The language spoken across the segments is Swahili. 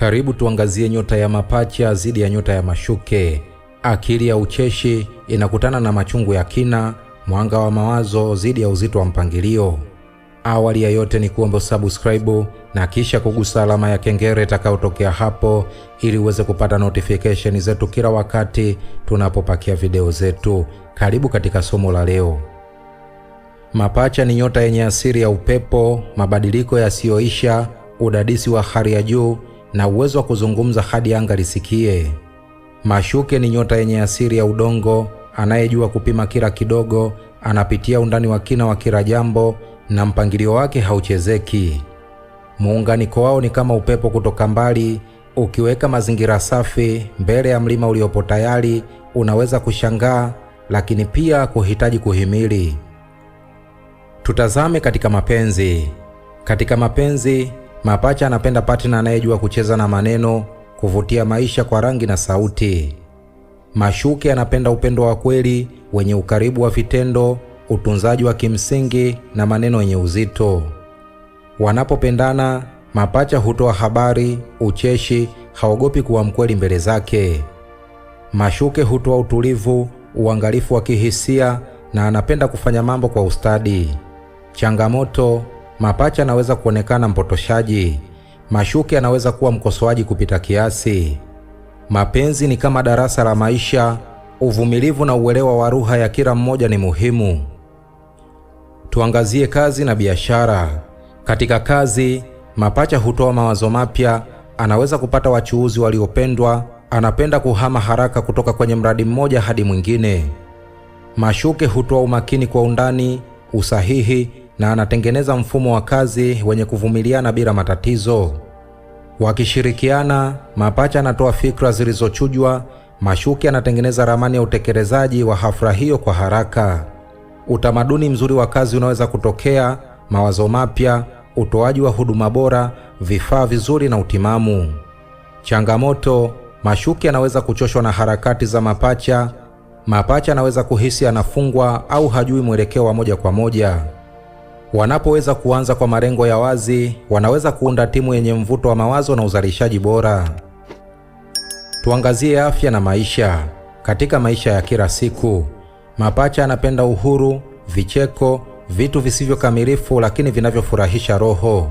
Karibu tuangazie nyota ya mapacha zidi ya nyota ya mashuke. Akili ya ucheshi inakutana na machungu ya kina, mwanga wa mawazo zidi ya uzito wa mpangilio. Awali ya yote ni kuomba subscribe na kisha kugusa alama ya kengele itakayotokea hapo ili uweze kupata notification zetu kila wakati tunapopakia video zetu. Karibu katika somo la leo. Mapacha ni nyota yenye asili ya upepo, mabadiliko yasiyoisha, udadisi wa hali ya juu na uwezo wa kuzungumza hadi anga lisikie. Mashuke ni nyota yenye asili ya udongo, anayejua kupima kila kidogo, anapitia undani wa kina wa kila jambo na mpangilio wake hauchezeki. Muunganiko wao ni kama upepo kutoka mbali. Ukiweka mazingira safi mbele ya mlima uliopo tayari, unaweza kushangaa, lakini pia kuhitaji kuhimili. Tutazame katika mapenzi. Katika mapenzi, Mapacha anapenda partner anayejua kucheza na maneno, kuvutia maisha kwa rangi na sauti. Mashuke anapenda upendo wa kweli wenye ukaribu wa vitendo, utunzaji wa kimsingi na maneno yenye uzito. Wanapopendana, mapacha hutoa habari, ucheshi, haogopi kuwa mkweli mbele zake. Mashuke hutoa utulivu, uangalifu wa kihisia na anapenda kufanya mambo kwa ustadi. Changamoto Mapacha anaweza kuonekana mpotoshaji. Mashuke anaweza kuwa mkosoaji kupita kiasi. Mapenzi ni kama darasa la maisha. Uvumilivu na uelewa wa ruha ya kila mmoja ni muhimu. Tuangazie kazi na biashara. Katika kazi, mapacha hutoa mawazo mapya, anaweza kupata wachuuzi waliopendwa, anapenda kuhama haraka kutoka kwenye mradi mmoja hadi mwingine. Mashuke hutoa umakini kwa undani, usahihi na anatengeneza mfumo wa kazi wenye kuvumiliana bila matatizo. Wakishirikiana, mapacha anatoa fikra zilizochujwa, Mashuki anatengeneza ramani ya utekelezaji wa hafla hiyo kwa haraka. Utamaduni mzuri wa kazi unaweza kutokea, mawazo mapya, utoaji wa huduma bora, vifaa vizuri na utimamu. Changamoto: Mashuki anaweza kuchoshwa na harakati za mapacha. Mapacha anaweza kuhisi anafungwa au hajui mwelekeo wa moja kwa moja. Wanapoweza kuanza kwa malengo ya wazi, wanaweza kuunda timu yenye mvuto wa mawazo na uzalishaji bora. Tuangazie afya na maisha. Katika maisha ya kila siku, mapacha anapenda uhuru, vicheko, vitu visivyokamilifu lakini vinavyofurahisha roho.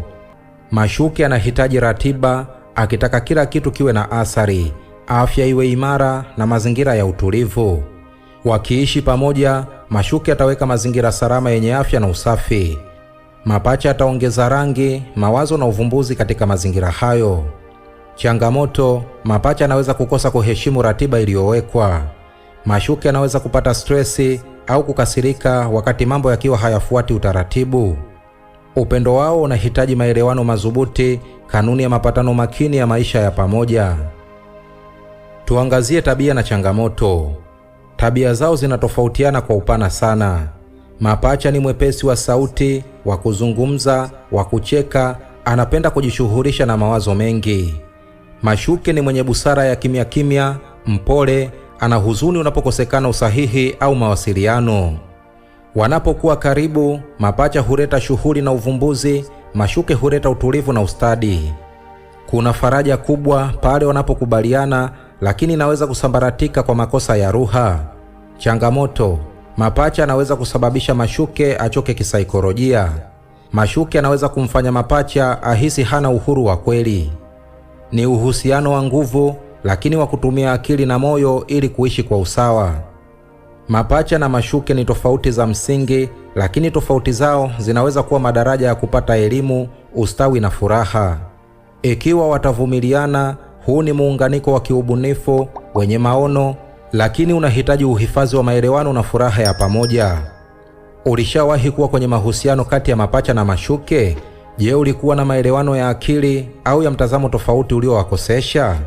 Mashuke anahitaji ratiba, akitaka kila kitu kiwe na athari, afya iwe imara na mazingira ya utulivu. Wakiishi pamoja, Mashuke ataweka mazingira salama yenye afya na usafi Mapacha yataongeza rangi, mawazo na uvumbuzi katika mazingira hayo. Changamoto: mapacha anaweza kukosa kuheshimu ratiba iliyowekwa. Mashuke anaweza kupata stresi au kukasirika wakati mambo yakiwa hayafuati utaratibu. Upendo wao unahitaji maelewano madhubuti, kanuni ya mapatano makini ya maisha ya pamoja. Tuangazie tabia na changamoto. Tabia zao zinatofautiana kwa upana sana. Mapacha ni mwepesi wa sauti, wa kuzungumza, wa kucheka, anapenda kujishughulisha na mawazo mengi. Mashuke ni mwenye busara ya kimya kimya, mpole, ana huzuni unapokosekana usahihi au mawasiliano. Wanapokuwa karibu, mapacha huleta shughuli na uvumbuzi, mashuke huleta utulivu na ustadi. Kuna faraja kubwa pale wanapokubaliana, lakini inaweza kusambaratika kwa makosa ya lugha. Changamoto Mapacha anaweza kusababisha Mashuke achoke kisaikolojia. Mashuke anaweza kumfanya mapacha ahisi hana uhuru wa kweli. Ni uhusiano wa nguvu, lakini wa kutumia akili na moyo ili kuishi kwa usawa. Mapacha na mashuke ni tofauti za msingi, lakini tofauti zao zinaweza kuwa madaraja ya kupata elimu, ustawi na furaha. Ikiwa watavumiliana, huu ni muunganiko wa kiubunifu wenye maono lakini unahitaji uhifadhi wa maelewano na furaha ya pamoja. Ulishawahi kuwa kwenye mahusiano kati ya mapacha na mashuke? Je, ulikuwa na maelewano ya akili au ya mtazamo tofauti uliowakosesha?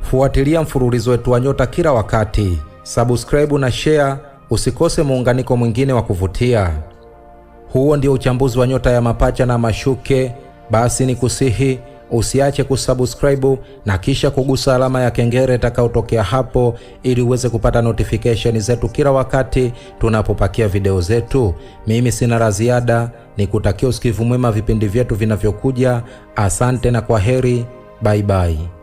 Fuatilia mfululizo wetu wa nyota kila wakati, subscribe na share. Usikose muunganiko mwingine wa kuvutia. Huo ndio uchambuzi wa nyota ya mapacha na mashuke. Basi ni kusihi usiache kusubscribe na kisha kugusa alama ya kengele itakayotokea hapo, ili uweze kupata notification zetu kila wakati tunapopakia video zetu. Mimi sina la ziada, nikutakia usikivu mwema vipindi vyetu vinavyokuja. Asante na kwa heri, bye bye.